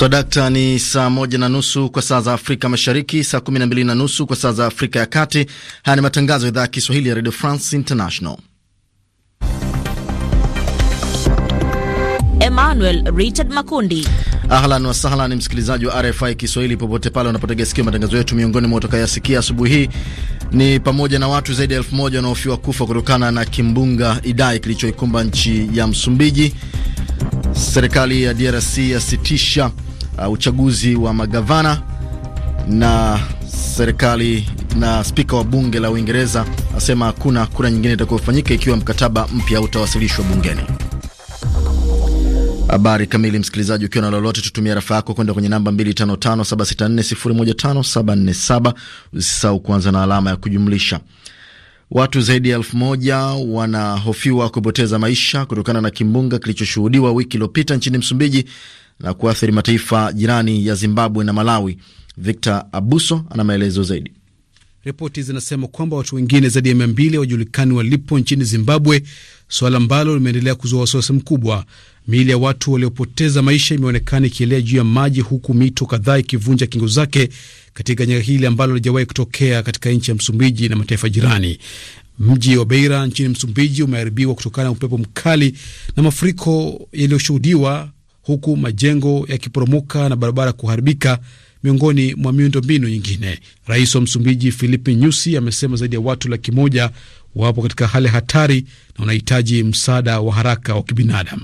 Swadakta dakta, ni saa moja na nusu kwa saa za Afrika Mashariki, saa kumi na mbili na nusu kwa saa za Afrika ya Kati. Haya ni matangazo ya idhaa ya Kiswahili ya Radio France International. Emmanuel Richard Makundi. Ahlan wasahlan, msikilizaji wa RFI Kiswahili popote pale unapotega sikio matangazo yetu. Miongoni mwa utakayasikia asubuhi hii ni pamoja na watu zaidi ya elfu moja wanaofiwa kufa kutokana na kimbunga Idai kilichoikumba nchi ya Msumbiji. Serikali ya DRC yasitisha uh, uchaguzi wa magavana na serikali na spika wa bunge la Uingereza asema hakuna kura nyingine itakayofanyika ikiwa mkataba mpya utawasilishwa bungeni. Habari kamili, msikilizaji, ukiwa na lolote, tutumia rafa yako kwenda kwenye namba 255764015747. Usisahau kuanza na alama ya kujumlisha. Watu zaidi ya elfu moja wanahofiwa kupoteza maisha kutokana na kimbunga kilichoshuhudiwa wiki iliyopita nchini Msumbiji la kuathiri mataifa jirani ya Zimbabwe na Malawi. Victor Abuso ana maelezo zaidi. Ripoti zinasema kwamba watu wengine zaidi ya mia mbili hawajulikani walipo nchini Zimbabwe, suala ambalo limeendelea kuzua wasiwasi mkubwa. Miili ya watu waliopoteza maisha imeonekana ikielea juu ya maji, huku mito kadhaa ikivunja kingo zake katika janga hili ambalo halijawahi kutokea katika nchi ya Msumbiji na mataifa jirani. Mji wa Beira nchini Msumbiji umeharibiwa kutokana na upepo mkali na mafuriko yaliyoshuhudiwa huku majengo yakiporomoka na barabara kuharibika miongoni mwa miundombinu nyingine. Rais wa Msumbiji Filipe Nyusi amesema zaidi ya watu laki moja wapo katika hali hatari na wanahitaji msaada wa haraka wa kibinadamu.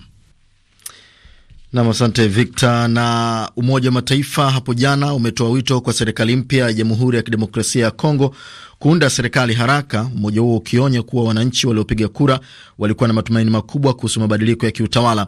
Nam, asante Victor. Na Umoja wa Mataifa hapo jana umetoa wito kwa serikali mpya ya Jamhuri ya Kidemokrasia ya Kongo kuunda serikali haraka, mmoja huo ukionya kuwa wananchi waliopiga kura walikuwa na matumaini makubwa kuhusu mabadiliko ya kiutawala.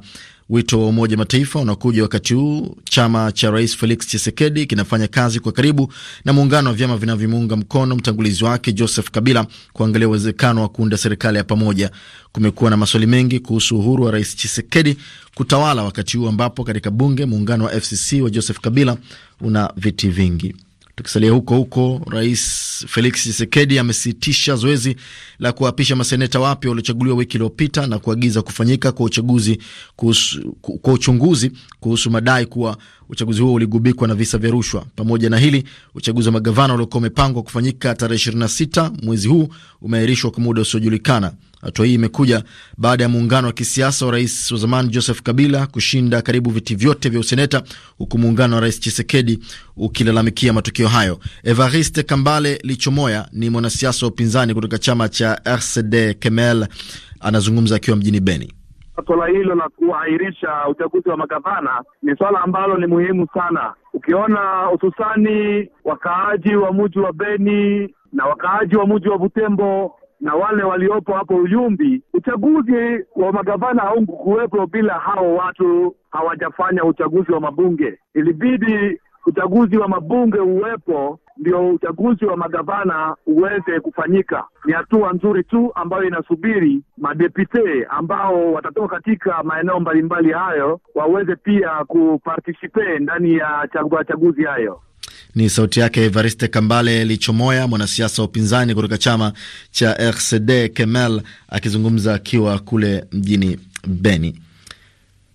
Wito wa Umoja Mataifa unakuja wakati huu chama cha rais Felix chisekedi kinafanya kazi kwa karibu na muungano wa vyama vinavyomuunga mkono mtangulizi wake Joseph Kabila kuangalia uwezekano wa kuunda serikali ya pamoja. Kumekuwa na maswali mengi kuhusu uhuru wa rais chisekedi kutawala wakati huu ambapo katika bunge muungano wa FCC wa Joseph Kabila una viti vingi. Tukisalia huko huko, Rais Felix chisekedi amesitisha zoezi la kuapisha maseneta wapya waliochaguliwa wiki iliyopita na kuagiza kufanyika kwa uchaguzi kuhusu, kwa uchunguzi kuhusu madai kuwa uchaguzi huo uligubikwa na visa vya rushwa. Pamoja na hili, uchaguzi wa magavana uliokuwa umepangwa kufanyika tarehe 26 mwezi huu umeahirishwa kwa muda usiojulikana. Hatua hii imekuja baada ya muungano wa kisiasa wa rais wa zamani Joseph Kabila kushinda karibu viti vyote vya useneta huku muungano wa rais Chisekedi ukilalamikia matokeo hayo. Evariste Kambale Lichomoya ni mwanasiasa wa upinzani kutoka chama cha RCD Kemel, anazungumza akiwa mjini Beni. Swala hilo la kuahirisha uchaguzi wa magavana ni swala ambalo ni muhimu sana, ukiona hususani wakaaji wa muji wa Beni na wakaaji wa muji wa Butembo na wale waliopo hapo Uyumbi. Uchaguzi wa magavana kuwepo bila hao watu hawajafanya uchaguzi wa mabunge. Ilibidi uchaguzi wa mabunge uwepo ndio uchaguzi wa magavana uweze kufanyika. Ni hatua nzuri tu ambayo inasubiri madepute ambao watatoka katika maeneo mbalimbali hayo waweze pia kupartisipe ndani ya chaguzi hayo. Ni sauti yake Evariste Kambale Lichomoya, mwanasiasa wa upinzani kutoka chama cha RCD Kemel, akizungumza akiwa kule mjini Beni.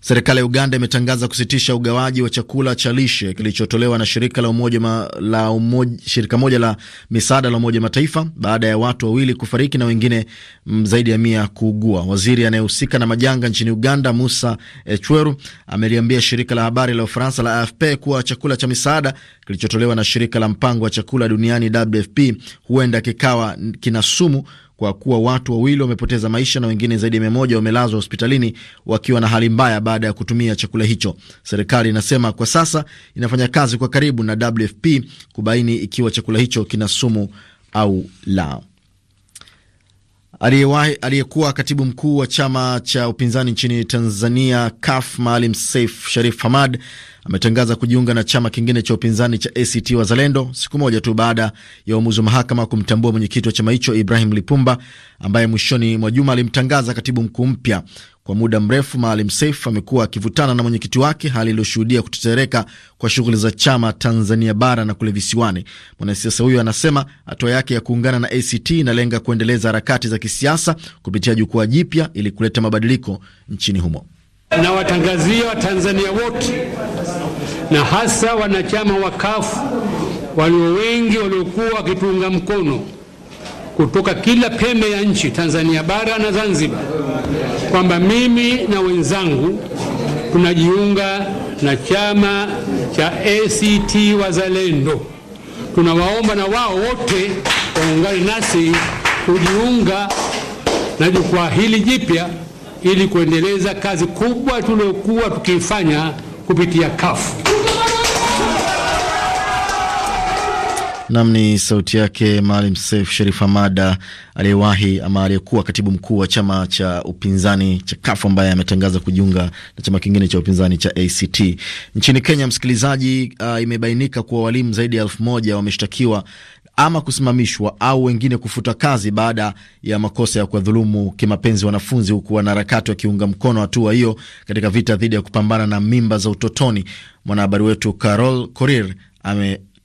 Serikali ya Uganda imetangaza kusitisha ugawaji wa chakula cha lishe kilichotolewa na shirika la umoja ma, la umoja, shirika moja la misaada la Umoja Mataifa baada ya watu wawili kufariki na wengine mm, zaidi ya mia kuugua. Waziri anayehusika na majanga nchini Uganda, Musa Echweru, ameliambia shirika la habari la Ufaransa la AFP kuwa chakula cha misaada kilichotolewa na shirika la mpango wa chakula duniani WFP huenda kikawa kina sumu kwa kuwa watu wawili wamepoteza maisha na wengine zaidi ya mia moja wamelazwa hospitalini wakiwa na hali mbaya baada ya kutumia chakula hicho. Serikali inasema kwa sasa inafanya kazi kwa karibu na WFP kubaini ikiwa chakula hicho kina sumu au la. Aliyekuwa katibu mkuu wa chama cha upinzani nchini Tanzania, CUF, Maalim Seif Sharif Hamad ametangaza kujiunga na chama kingine cha upinzani cha ACT Wazalendo siku moja tu baada ya uamuzi wa mahakama kumtambua mwenyekiti wa chama hicho Ibrahim Lipumba ambaye mwishoni mwa juma alimtangaza katibu mkuu mpya. Kwa muda mrefu Maalim Seif amekuwa akivutana na mwenyekiti wake, hali iliyoshuhudia kutetereka kwa shughuli za chama Tanzania bara na kule visiwani. Mwanasiasa huyo anasema hatua yake ya kuungana na ACT inalenga kuendeleza harakati za kisiasa kupitia jukwaa jipya ili kuleta mabadiliko nchini humo. Nawatangazia Watanzania wote na hasa wanachama wa CUF walio wengi waliokuwa wakituunga mkono kutoka kila pembe ya nchi, Tanzania bara na Zanzibar, kwamba mimi na wenzangu tunajiunga na chama cha ACT Wazalendo. Tunawaomba na wao wote waungane nasi kujiunga na jukwaa hili jipya ili kuendeleza kazi kubwa tuliyokuwa tukiifanya kupitia kafu. Nam ni sauti yake Maalim Seif Sharif Amada, aliyewahi ama aliyekuwa katibu mkuu wa chama cha upinzani cha KAFU, ambaye ametangaza kujiunga na chama kingine cha upinzani cha ACT. Nchini Kenya, msikilizaji, uh, imebainika kuwa walimu zaidi ya elfu moja wameshtakiwa ama kusimamishwa au wengine kufutwa kazi baada ya makosa ya kuwadhulumu kimapenzi wanafunzi, huku wanaharakati wakiunga mkono hatua hiyo katika vita dhidi ya kupambana na mimba za utotoni. Mwanahabari wetu Carol Korir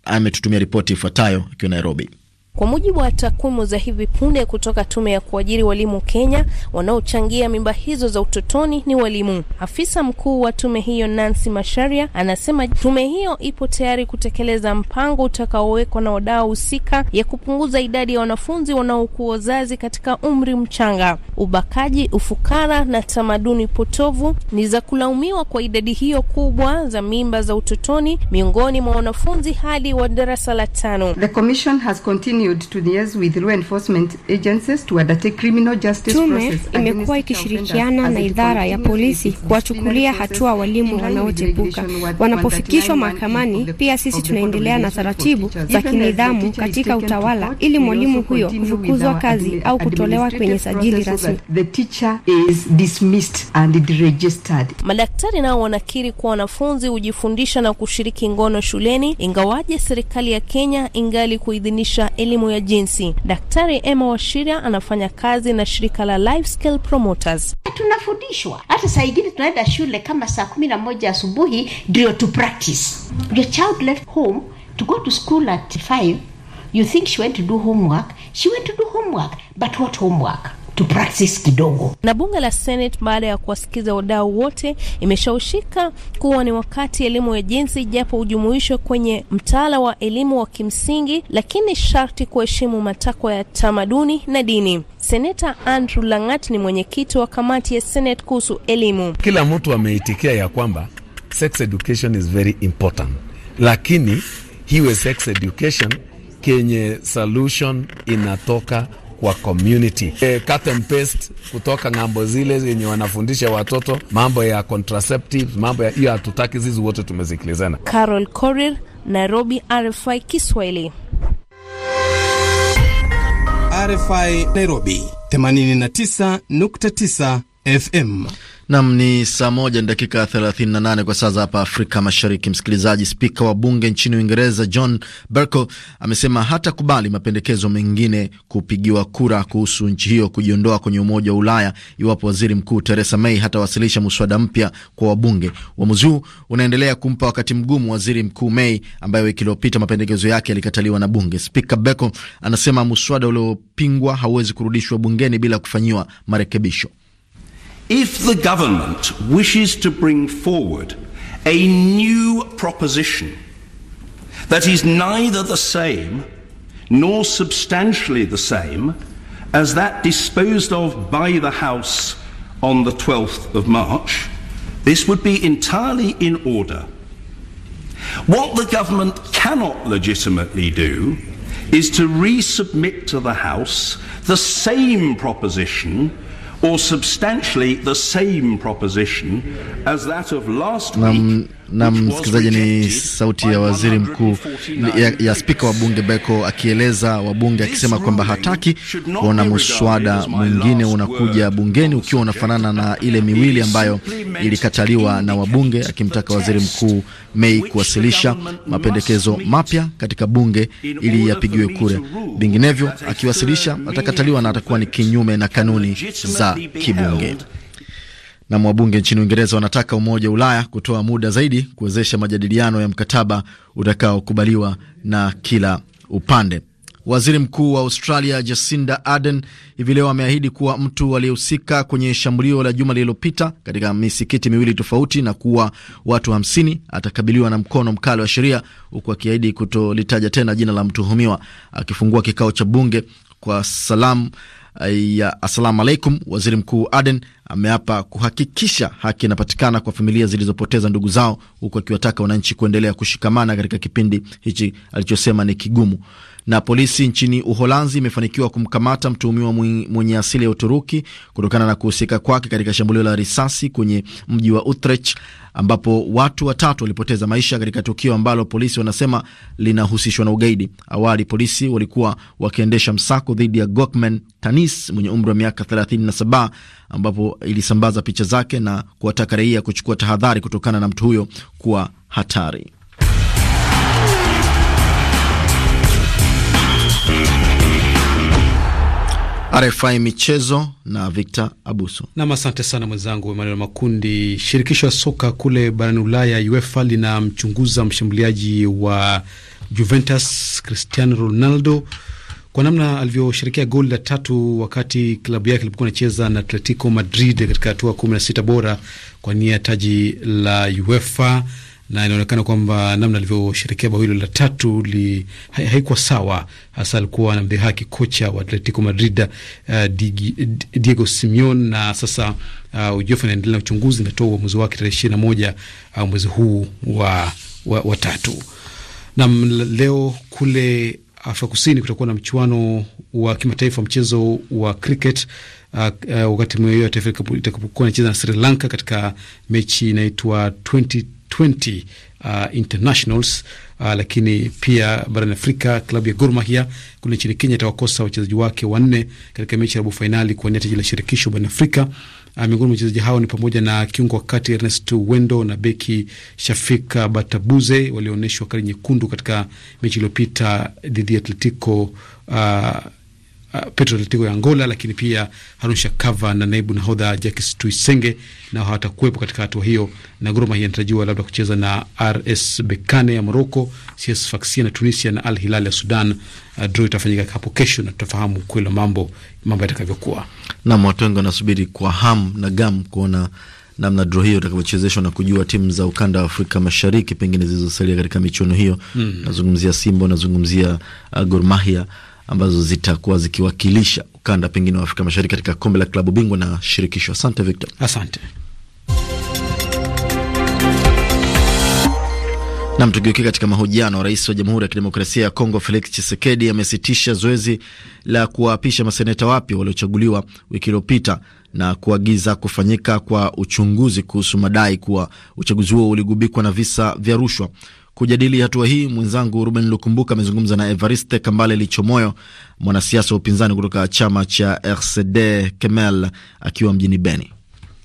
ametutumia ame ripoti ifuatayo akiwa Nairobi. Kwa mujibu wa takwimu za hivi punde kutoka tume ya kuajiri walimu Kenya, wanaochangia mimba hizo za utotoni ni walimu. Afisa mkuu wa tume hiyo Nancy Masharia anasema tume hiyo ipo tayari kutekeleza mpango utakaowekwa na wadau husika ya kupunguza idadi ya wanafunzi wanaokuwa wazazi katika umri mchanga. Ubakaji, ufukara na tamaduni potovu ni za kulaumiwa kwa idadi hiyo kubwa za mimba za utotoni miongoni mwa wanafunzi hadi wa darasa la tano. The commission has continued continued to liaise with law enforcement agencies to undertake criminal justice process. Tume imekuwa ikishirikiana na idara ya polisi kuwachukulia hatua walimu wanaotepuka wanapofikishwa mahakamani. Pia sisi tunaendelea na taratibu za kinidhamu katika utawala ili mwalimu huyo kufukuzwa kazi au kutolewa kwenye sajili rasmi. The teacher is dismissed and Madaktari nao wanakiri kuwa wanafunzi hujifundisha na kushiriki ngono shuleni, ingawaje serikali ya Kenya ingali kuidhinisha elimu elimu ya jinsi. Daktari Emma Washiria anafanya kazi na shirika la Lifescale Promoters. Tunafundishwa hata saa ingine tunaenda shule kama saa kumi na moja asubuhi ndio tu practice. Your child left home to go to school at five. You think she went to do homework? She went to do homework, but what homework? tu practice kidogo. Na bunge la Senate baada ya kuwasikiza wadau wote, imeshaushika kuwa ni wakati elimu ya jinsi japo ujumuishwe kwenye mtaala wa elimu wa kimsingi, lakini sharti kuheshimu matakwa ya tamaduni na dini. Seneta Andrew Langat ni mwenyekiti wa kamati ya Senate kuhusu elimu. Kila mtu ameitikia ya kwamba sex education is very important, lakini hiwe sex education kenye solution inatoka kwa community. E, cut and paste kutoka ng'ambo zile zenye wanafundisha watoto mambo ya contraceptives, mambo ya hiyo hatutaki, zizi wote tumezikilizana. Carol Korir, Nairobi, RFI Kiswahili. RFI Nairobi 89.9 FM. Nam ni saa moja na dakika 38 kwa saa za hapa Afrika Mashariki. Msikilizaji, spika wa bunge nchini Uingereza John Bercow amesema hatakubali mapendekezo mengine kupigiwa kura kuhusu nchi hiyo kujiondoa kwenye Umoja wa Ulaya iwapo waziri mkuu Theresa May hatawasilisha muswada mpya kwa wabunge. Uamuzi huu unaendelea kumpa wakati mgumu waziri mkuu May ambaye wiki iliyopita mapendekezo yake yalikataliwa na bunge. Spika Bercow anasema muswada uliopingwa hauwezi kurudishwa bungeni bila kufanyiwa marekebisho. If the government wishes to bring forward a new proposition that is neither the same nor substantially the same as that disposed of by the House on the 12th of March, this would be entirely in order. What the government cannot legitimately do is to resubmit to the House the same proposition or substantially the same proposition as that of last week na msikilizaji, ni sauti ya waziri mkuu ya, ya spika wa bunge Beko akieleza wabunge akisema kwamba hataki kuona muswada mwingine unakuja bungeni ukiwa unafanana na ile miwili ambayo ilikataliwa na wabunge, akimtaka waziri mkuu Mei kuwasilisha mapendekezo mapya katika bunge ili yapigiwe kura, vinginevyo akiwasilisha atakataliwa na atakuwa ni kinyume na kanuni za kibunge na wabunge nchini Uingereza wanataka Umoja wa Ulaya kutoa muda zaidi kuwezesha majadiliano ya mkataba utakaokubaliwa na kila upande. Waziri Mkuu wa Australia Jacinda Ardern hivi leo ameahidi kuwa mtu aliyehusika kwenye shambulio la juma lililopita katika misikiti miwili tofauti na kuwa watu hamsini atakabiliwa na mkono mkali wa sheria, huku akiahidi kutolitaja tena jina la mtuhumiwa. Akifungua kikao cha bunge kwa salamu ya assalamu alaikum, waziri mkuu Aden ameapa kuhakikisha haki inapatikana kwa familia zilizopoteza ndugu zao, huku akiwataka wananchi kuendelea kushikamana katika kipindi hichi alichosema ni kigumu. Na polisi nchini Uholanzi imefanikiwa kumkamata mtuhumiwa mwenye asili ya Uturuki kutokana na kuhusika kwake katika shambulio la risasi kwenye mji wa Utrecht ambapo watu watatu walipoteza maisha katika tukio ambalo polisi wanasema linahusishwa na ugaidi. Awali polisi walikuwa wakiendesha msako dhidi ya Gokmen Tanis mwenye umri wa miaka 37 ambapo ilisambaza picha zake na kuwataka raia kuchukua tahadhari kutokana na mtu huyo kuwa hatari. RFI Michezo na Victor Abuso. Nam, asante sana mwenzangu Emanuel Makundi. Shirikisho la soka kule barani Ulaya, UEFA, linamchunguza mshambuliaji wa Juventus Cristiano Ronaldo kwa namna alivyosherekea goli la tatu wakati klabu yake ilipokuwa inacheza na Atletico Madrid katika hatua 16 bora kwa nia ya taji la UEFA na inaonekana kwamba namna alivyoshirikia bao hilo la tatu li, haikuwa sawa, hasa alikuwa na mdhihaki kocha wa Atletico Madrid uh, Diego Simeone, na sasa uh, ujofu anaendelea na uchunguzi, natoa uamuzi wake tarehe ishirini na moja uh, mwezi huu wa, wa, wa tatu. Na leo kule Afrika Kusini kutakuwa na mchuano wa kimataifa mchezo wa cricket wakati uh, uh, timu hiyo ya taifa itakapokuwa inacheza na Sri Lanka katika mechi inaitwa uh, internationals uh, lakini pia barani Afrika klabu ya Gor Mahia kule nchini Kenya itawakosa wachezaji wake wanne katika mechi ya robo fainali kuwania taji la shirikisho barani Afrika. Uh, miongoni mwa wachezaji hao ni pamoja na kiungo wa kati Ernest Wendo na beki Shafika Batabuze walioonyeshwa kari nyekundu katika mechi iliyopita dhidi ya Atletico uh, uh, Petro Atletico ya Angola, lakini pia Harun Kava na naibu nahodha Jacques Tuyisenge nao hawatakuwepo katika hatua hiyo, na Gor Mahia inatarajiwa labda kucheza na RS Berkane ya Morocco, CS Sfaxien na Tunisia na Al Hilal ya Sudan. Uh, draw itafanyika hapo kesho na tutafahamu kweli mambo mambo yatakavyokuwa. Na watu wengi wanasubiri kwa hamu na gam kuona namna draw hiyo itakavyochezeshwa na kujua timu za ukanda wa Afrika Mashariki pengine zilizosalia katika michuano hiyo. Mm, nazungumzia Simba, nazungumzia uh, Gor Mahia ambazo zitakuwa zikiwakilisha ukanda pengine wa Afrika Mashariki katika kombe la klabu bingwa na shirikisho. Asante Victor. Asante. Nam, tugeukia katika mahojiano. Rais wa Jamhuri ya Kidemokrasia ya Kongo Felix Tshisekedi amesitisha zoezi la kuwaapisha maseneta wapya waliochaguliwa wiki iliyopita na kuagiza kufanyika kwa uchunguzi kuhusu madai kuwa uchaguzi huo uligubikwa na visa vya rushwa. Kujadili hatua hii, mwenzangu Ruben Lukumbuka amezungumza na Evariste Kambale Lichomoyo, mwanasiasa wa upinzani kutoka chama cha RCD Kemel akiwa mjini Beni.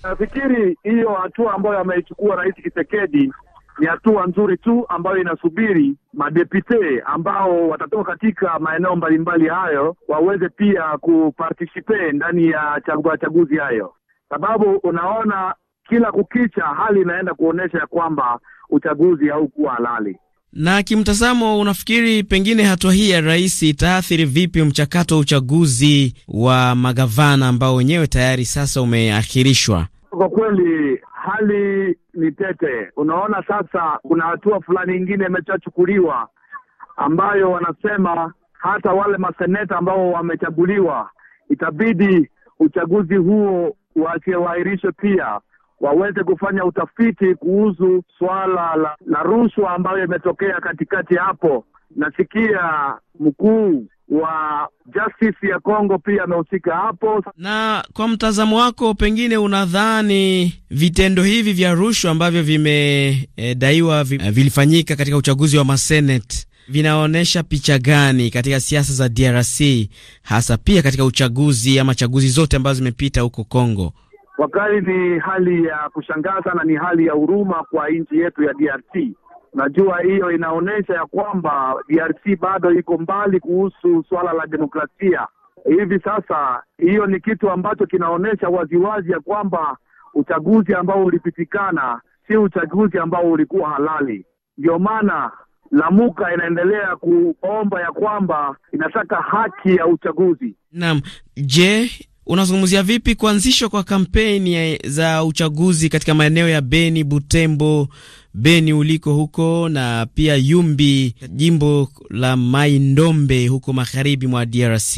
Nafikiri hiyo hatua ambayo ameichukua Rais Kisekedi ni hatua nzuri tu ambayo inasubiri madepute ambao watatoka katika maeneo mbalimbali hayo waweze pia kupartisipe ndani ya chagu, chaguzi hayo, sababu unaona kila kukicha hali inaenda kuonyesha ya kwamba uchaguzi haukuwa halali. Na kimtazamo, unafikiri pengine hatua hii ya rais itaathiri vipi mchakato wa uchaguzi wa magavana ambao wenyewe tayari sasa umeahirishwa? Kwa kweli hali ni tete. Unaona, sasa kuna hatua fulani ingine imeshachukuliwa ambayo wanasema hata wale maseneta ambao wamechaguliwa itabidi uchaguzi huo wache pia, waweze kufanya utafiti kuhusu swala la, la rushwa ambayo imetokea katikati hapo. Nasikia mkuu wa Justice ya Kongo pia amehusika hapo. Na kwa mtazamo wako, pengine unadhani vitendo hivi vya rushwa ambavyo vimedaiwa e, vi, eh, vilifanyika katika uchaguzi wa masenate vinaonyesha picha gani katika siasa za DRC hasa pia katika uchaguzi ama chaguzi zote ambazo zimepita huko Kongo? Wakali ni hali ya kushangaza na ni hali ya huruma kwa nchi yetu ya DRC. Najua hiyo inaonyesha ya kwamba DRC bado iko mbali kuhusu suala la demokrasia hivi sasa. Hiyo ni kitu ambacho kinaonyesha waziwazi ya kwamba uchaguzi ambao ulipitikana si uchaguzi ambao ulikuwa halali. Ndio maana Lamuka inaendelea kuomba ya kwamba inataka haki ya uchaguzi. Naam. Je, unazungumzia vipi kuanzishwa kwa kampeni za uchaguzi katika maeneo ya Beni, Butembo, Beni uliko huko na pia Yumbi, jimbo la Mai Ndombe huko magharibi mwa DRC?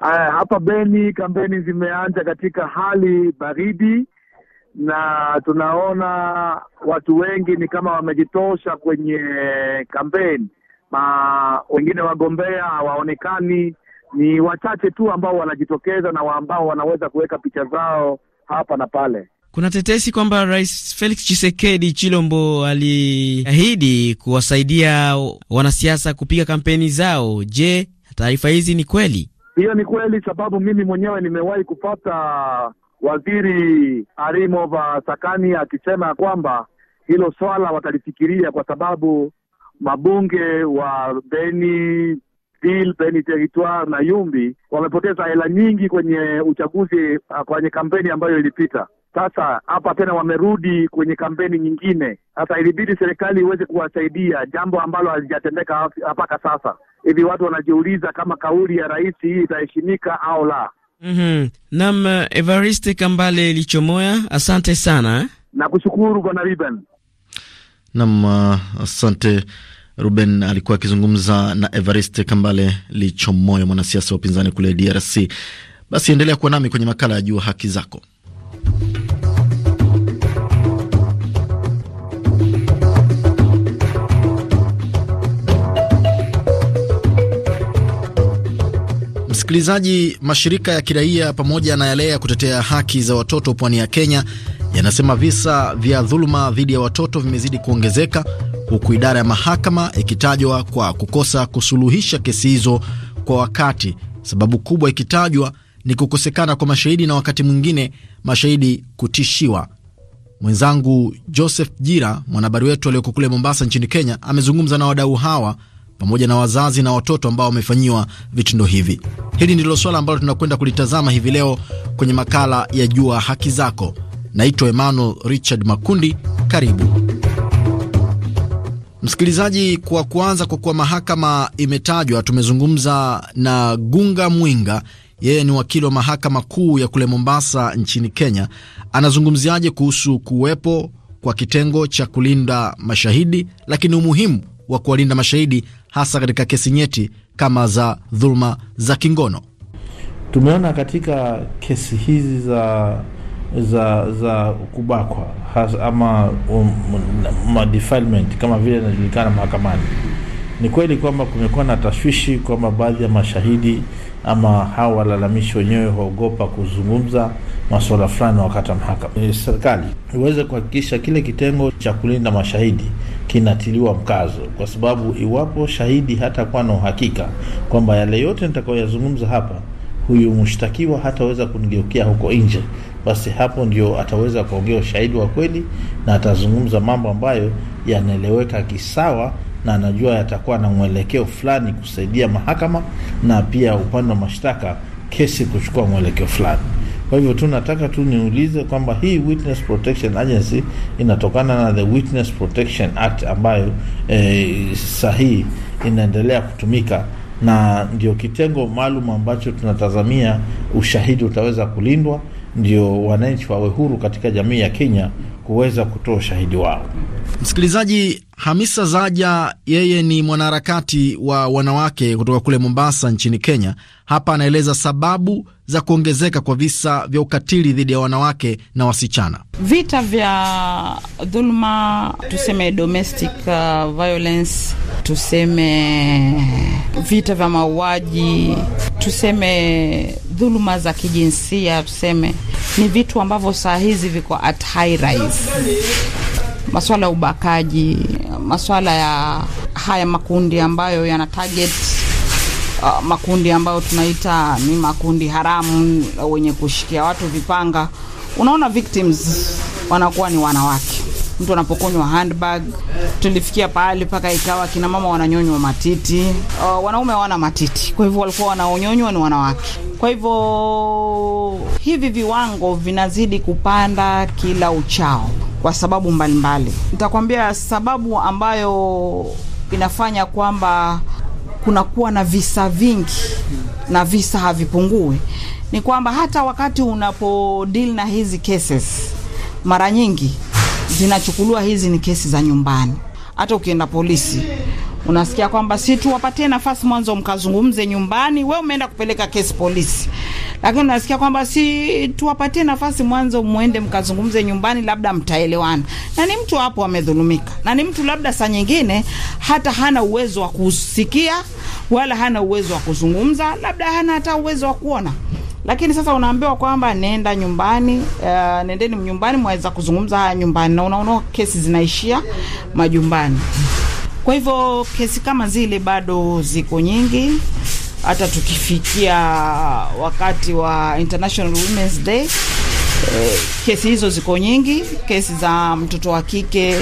Uh, hapa Beni kampeni zimeanza katika hali baridi na tunaona watu wengi ni kama wamejitosha kwenye kampeni, ma wengine wagombea hawaonekani ni wachache tu ambao wanajitokeza na ambao wanaweza kuweka picha zao hapa na pale. Kuna tetesi kwamba Rais Felix Chisekedi Chilombo aliahidi kuwasaidia wanasiasa kupiga kampeni zao. Je, taarifa hizi ni kweli? Hiyo ni kweli, sababu mimi mwenyewe nimewahi kupata waziri Arimova Sakani akisema ya kwamba hilo swala watalifikiria kwa sababu mabunge wa Beni, Deal Plain Territoire na Yumbi wamepoteza hela nyingi kwenye uchaguzi, ah, kwenye kampeni ambayo ilipita. Sasa hapa tena wamerudi kwenye kampeni nyingine. Sasa ilibidi serikali iweze kuwasaidia, jambo ambalo halijatendeka mpaka sasa hivi. Watu wanajiuliza kama kauli ya rais hii itaheshimika au la. Mm -hmm. Nam Evariste Kambale Lichomoya, asante sana nakushukuru kushukuru bwana Riben. Nam, ah, asante. Ruben alikuwa akizungumza na Evariste Kambale Lichomoyo, mwanasiasa wa upinzani kule DRC. Basi endelea kuwa nami kwenye makala ya Jua Haki Zako. Msikilizaji, mashirika ya kiraia pamoja na yale ya kutetea haki za watoto pwani ya Kenya yanasema visa vya dhuluma dhidi ya watoto vimezidi kuongezeka huku idara ya mahakama ikitajwa kwa kukosa kusuluhisha kesi hizo kwa wakati, sababu kubwa ikitajwa ni kukosekana kwa mashahidi na wakati mwingine mashahidi kutishiwa. Mwenzangu Joseph Jira, mwanahabari wetu aliyoko kule Mombasa nchini Kenya, amezungumza na wadau hawa pamoja na wazazi na watoto ambao wamefanyiwa vitendo hivi. Hili ndilo swala ambalo tunakwenda kulitazama hivi leo kwenye makala ya Jua Haki Zako. Naitwa Emmanuel Richard Makundi. Karibu. Msikilizaji, kwa kuanza, kwa kuwa mahakama imetajwa, tumezungumza na Gunga Mwinga, yeye ni wakili wa mahakama kuu ya kule Mombasa nchini Kenya. Anazungumziaje kuhusu kuwepo kwa kitengo cha kulinda mashahidi, lakini umuhimu wa kuwalinda mashahidi hasa katika kesi nyeti kama za dhuluma za kingono? Tumeona katika kesi hizi za za za kubakwa has, ama um, um, defilement kama vile inajulikana mahakamani. Ni kweli kwamba kumekuwa na tashwishi kwamba baadhi ya mashahidi ama hao walalamishi wenyewe waogopa kuzungumza masuala fulani wakati wa mahakama. E, Serikali iweze kuhakikisha kile kitengo cha kulinda mashahidi kinatiliwa mkazo, kwa sababu iwapo shahidi hatakuwa na uhakika kwamba yale yote nitakayoyazungumza hapa, huyu mshtakiwa hataweza kunigeukia huko nje basi hapo ndio ataweza kuongea ushahidi wa kweli na atazungumza mambo ambayo yanaeleweka kisawa, na anajua yatakuwa na mwelekeo fulani kusaidia mahakama na pia upande wa mashtaka kesi kuchukua mwelekeo fulani. Kwa hivyo tu nataka tu niulize kwamba hii Witness Protection Agency inatokana na the Witness Protection Act ambayo e, sahihi inaendelea kutumika na ndio kitengo maalum ambacho tunatazamia ushahidi utaweza kulindwa ndio wananchi wawe huru katika jamii ya Kenya kuweza kutoa ushahidi wao. Msikilizaji, Hamisa Zaja yeye ni mwanaharakati wa wanawake kutoka kule Mombasa nchini Kenya. Hapa anaeleza sababu za kuongezeka kwa visa vya ukatili dhidi ya wanawake na wasichana. Vita vya dhuluma, tuseme domestic uh, violence, tuseme vita vya mauaji, tuseme dhuluma za kijinsia, tuseme ni vitu ambavyo saa hizi viko at high rise maswala ya ubakaji, maswala ya haya makundi ambayo yana target uh, makundi ambayo tunaita ni makundi haramu wenye kushikia watu vipanga. Unaona victims wanakuwa ni wanawake mtu anapokonywa handbag. Tulifikia pahali mpaka ikawa kina mama wananyonywa matiti. Uh, wanaume hawana matiti, kwa hivyo walikuwa wanaonyonywa ni wanawake. Kwa hivyo hivi viwango vinazidi kupanda kila uchao kwa sababu mbalimbali. Nitakwambia sababu ambayo inafanya kwamba kunakuwa na visa vingi na visa havipungui ni kwamba hata wakati unapo deal na hizi cases mara nyingi zinachukuliwa hizi ni kesi za nyumbani. Hata ukienda polisi unasikia kwamba si tu wapatie nafasi mwanzo mkazungumze nyumbani, we umeenda kupeleka kesi polisi, lakini unasikia kwamba si tuwapatie nafasi mwanzo muende mkazungumze nyumbani, labda mtaelewana. Na ni mtu hapo amedhulumika, na ni mtu labda saa nyingine hata hana uwezo wa kusikia wala hana uwezo wa kuzungumza, labda hana hata uwezo wa kuona lakini sasa unaambiwa kwamba nenda nyumbani, uh, nendeni nyumbani, mwaweza kuzungumza haya nyumbani, na unaona kesi zinaishia majumbani. Kwa hivyo kesi kama zile bado ziko nyingi, hata tukifikia wakati wa International Women's Day, eh, kesi hizo ziko nyingi, kesi za mtoto wa kike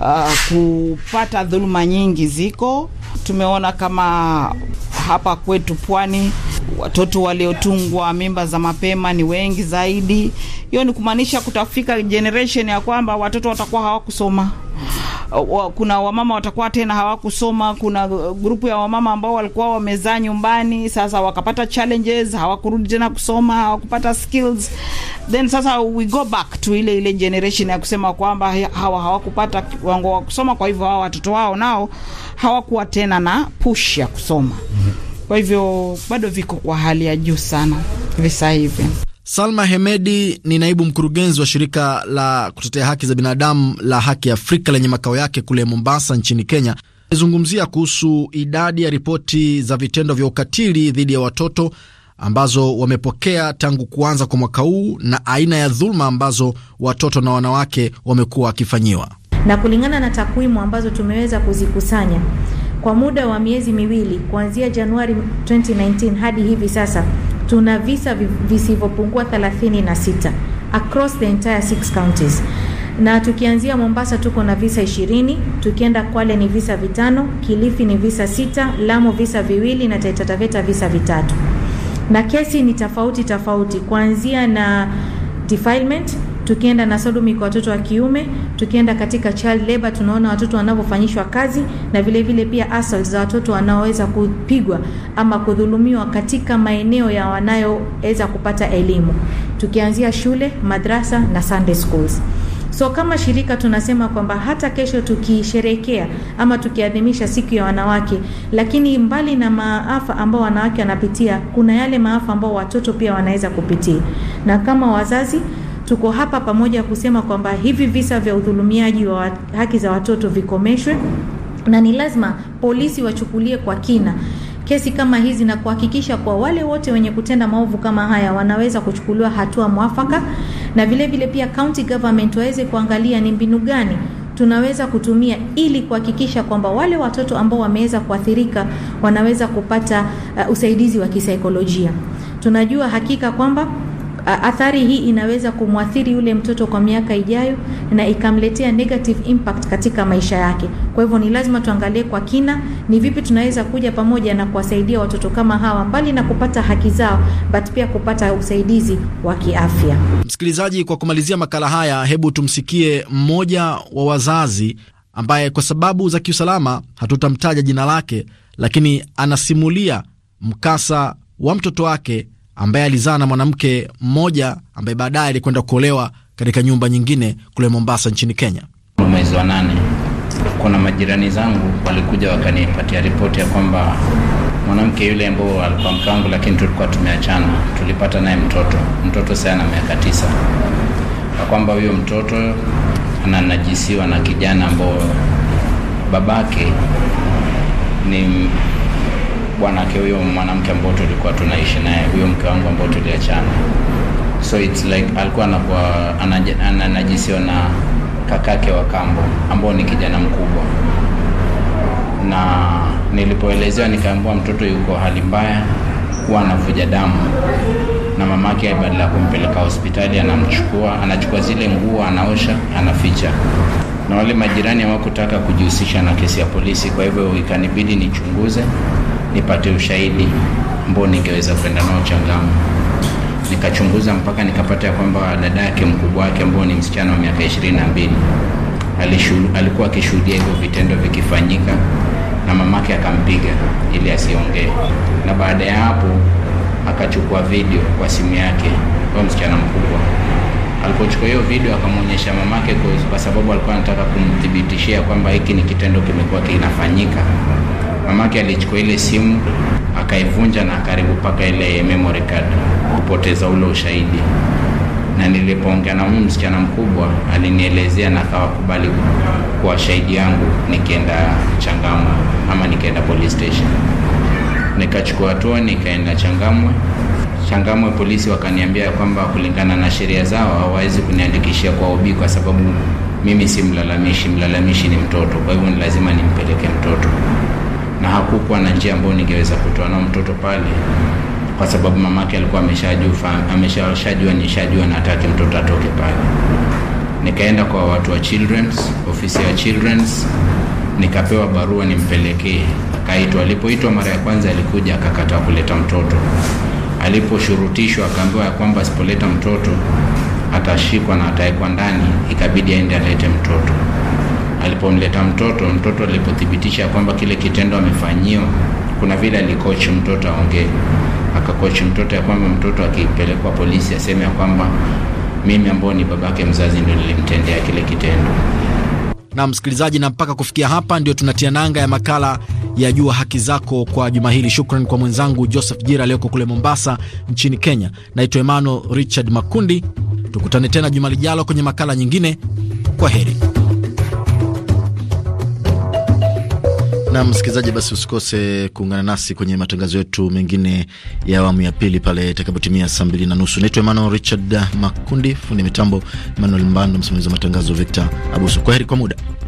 uh, kupata dhuluma nyingi ziko. Tumeona kama hapa kwetu pwani watoto waliotungwa mimba za mapema ni wengi zaidi. Hiyo ni kumaanisha kutafika generation ya kwamba watoto watakuwa hawakusoma. Kuna wamama watakuwa tena hawakusoma. Kuna uh, grupu ya wamama ambao walikuwa wamezaa nyumbani, sasa wakapata challenges, hawakurudi tena kusoma, hawakupata skills then sasa we go back to ile ile generation ya kusema kwamba hawa hawakupata kiwango wa kusoma, kwa hivyo hawa watoto wao nao hawakuwa tena na push ya kusoma. Mhm. Kwa hivyo bado viko kwa hali ya juu sana visa hivi. Salma Hemedi ni naibu mkurugenzi wa shirika la kutetea haki za binadamu la Haki Afrika lenye makao yake kule Mombasa nchini Kenya. Amezungumzia kuhusu idadi ya ripoti za vitendo vya ukatili dhidi ya watoto ambazo wamepokea tangu kuanza kwa mwaka huu na aina ya dhuluma ambazo watoto na wanawake wamekuwa wakifanyiwa. Na kulingana na takwimu ambazo tumeweza kuzikusanya kwa muda wa miezi miwili kuanzia Januari 2019 hadi hivi sasa, tuna visa visivyopungua 36 across the entire six counties na tukianzia Mombasa tuko na visa ishirini, tukienda Kwale ni visa vitano, Kilifi ni visa sita, Lamu visa viwili na Taita Taveta visa vitatu na kesi ni tofauti tofauti, kuanzia na defilement tukienda na sodomi kwa watoto wa kiume, tukienda katika child labor, tunaona watoto wanavyofanyishwa kazi na vile vile pia assaults za watoto wanaoweza kupigwa ama kudhulumiwa katika maeneo ya wanayoweza kupata elimu, tukianzia shule, madrasa na Sunday schools. So kama shirika tunasema kwamba hata kesho tukisherekea ama tukiadhimisha siku ya wanawake, lakini mbali na maafa ambao wanawake wanapitia, kuna yale maafa ambao watoto pia wanaweza kupitia, na kama wazazi tuko hapa pamoja kusema kwamba hivi visa vya udhulumiaji wa haki za watoto vikomeshwe, na ni lazima polisi wachukulie kwa kina kesi kama hizi na kuhakikisha kwa wale wote wenye kutenda maovu kama haya wanaweza kuchukuliwa hatua mwafaka na vile vile pia county government waweze kuangalia ni mbinu gani tunaweza kutumia ili kuhakikisha kwamba wale watoto ambao wameweza kuathirika wanaweza kupata uh, usaidizi wa kisaikolojia. Tunajua hakika kwamba athari hii inaweza kumwathiri yule mtoto kwa miaka ijayo na ikamletea negative impact katika maisha yake. Kwa hivyo ni lazima tuangalie kwa kina ni vipi tunaweza kuja pamoja na kuwasaidia watoto kama hawa, mbali na kupata haki zao, but pia kupata usaidizi wa kiafya. Msikilizaji, kwa kumalizia makala haya, hebu tumsikie mmoja wa wazazi ambaye kwa sababu za kiusalama hatutamtaja jina lake, lakini anasimulia mkasa wa mtoto wake ambaye alizaa na mwanamke mmoja ambaye baadaye alikwenda kuolewa katika nyumba nyingine kule Mombasa nchini Kenya. Mwezi wa nane, kuna majirani zangu walikuja wakanipatia ripoti ya kwamba mwanamke yule ambao alikuwa mke wangu, lakini tulikuwa tumeachana, tulipata naye mtoto. Mtoto ana miaka tisa, na kwamba huyo mtoto ananajisiwa na kijana ambao babake ni bwanake huyo mwanamke ambao tulikuwa tunaishi naye huyo mke wangu ambao tuliachana so it's like alikuwa anakuwa ananajisiwa na kakake wa kambo ambao ni kijana mkubwa na nilipoelezewa nikaambua mtoto yuko hali mbaya huwa anavuja damu na mamake badala ya kumpeleka hospitali anamchukua anachukua zile nguo anaosha anaficha na wale majirani hawakutaka kujihusisha na kesi ya polisi kwa hivyo ikanibidi nichunguze nipate ushahidi ambao ningeweza kwenda nao Changamwe. Nikachunguza mpaka nikapata kwamba dada yake mkubwa wake ambao ni msichana wa miaka ishirini na mbili alikuwa akishuhudia hivyo vitendo vikifanyika, na mamake akampiga ili asiongee, na baada ya hapo akachukua video kwa simu yake kwa msichana mkubwa Alipochukua hiyo video akamwonyesha mamake, kwa sababu alikuwa anataka kumthibitishia kwamba hiki ni kitendo kimekuwa kinafanyika. Mamake alichukua ile simu akaivunja na karibu paka ile memory card kupoteza ule ushahidi, na nilipoongea na huyu msichana mkubwa alinielezea na akawakubali kuwa shahidi yangu nikienda Changamwe ama nikienda police station. Nikachukua hatua nikaenda Changamwe Changamwe polisi wakaniambia kwamba kulingana na sheria zao hawawezi kuniandikishia kwa OB kwa sababu mimi si mlalamishi, mlalamishi ni mtoto, kwa hivyo ni lazima nimpeleke mtoto, na hakukuwa na njia ambayo ningeweza kutoa nao mtoto pale kwa sababu mamake alikuwa ameshajua ameshajua nishajua na ataki mtoto atoke pale. Nikaenda kwa watu wa children's, ofisi ya children's, nikapewa barua nimpelekee. Akaitwa, alipoitwa mara ya kwanza alikuja akakataa kuleta mtoto Aliposhurutishwa akaambiwa ya kwamba asipoleta mtoto atashikwa na atawekwa ndani, ikabidi aende alete mtoto. Alipomleta mtoto, mtoto alipothibitisha kwamba kile kitendo amefanyiwa, kuna vile alikochi mtoto aongee, akakochi mtoto ya kwamba mtoto akipelekwa polisi aseme ya kwamba mimi ambao ni babake mzazi ndio nilimtendea kile kitendo. Na msikilizaji, na mpaka kufikia hapa ndio tunatia nanga ya makala ya Jua Haki Zako kwa juma hili. Shukran kwa mwenzangu Joseph Jira aliyoko kule Mombasa nchini Kenya. Naitwa Emmanuel Richard Makundi. Tukutane tena juma lijalo kwenye makala nyingine. Kwa heri. Na msikilizaji, basi usikose kuungana nasi kwenye matangazo yetu mengine ya awamu ya pili pale itakapotimia saa mbili na nusu. Naitwa Emmanuel Richard Makundi, fundi mitambo Emmanuel Mbando, msimamizi wa matangazo Victor Abuso. Kwa heri kwa muda.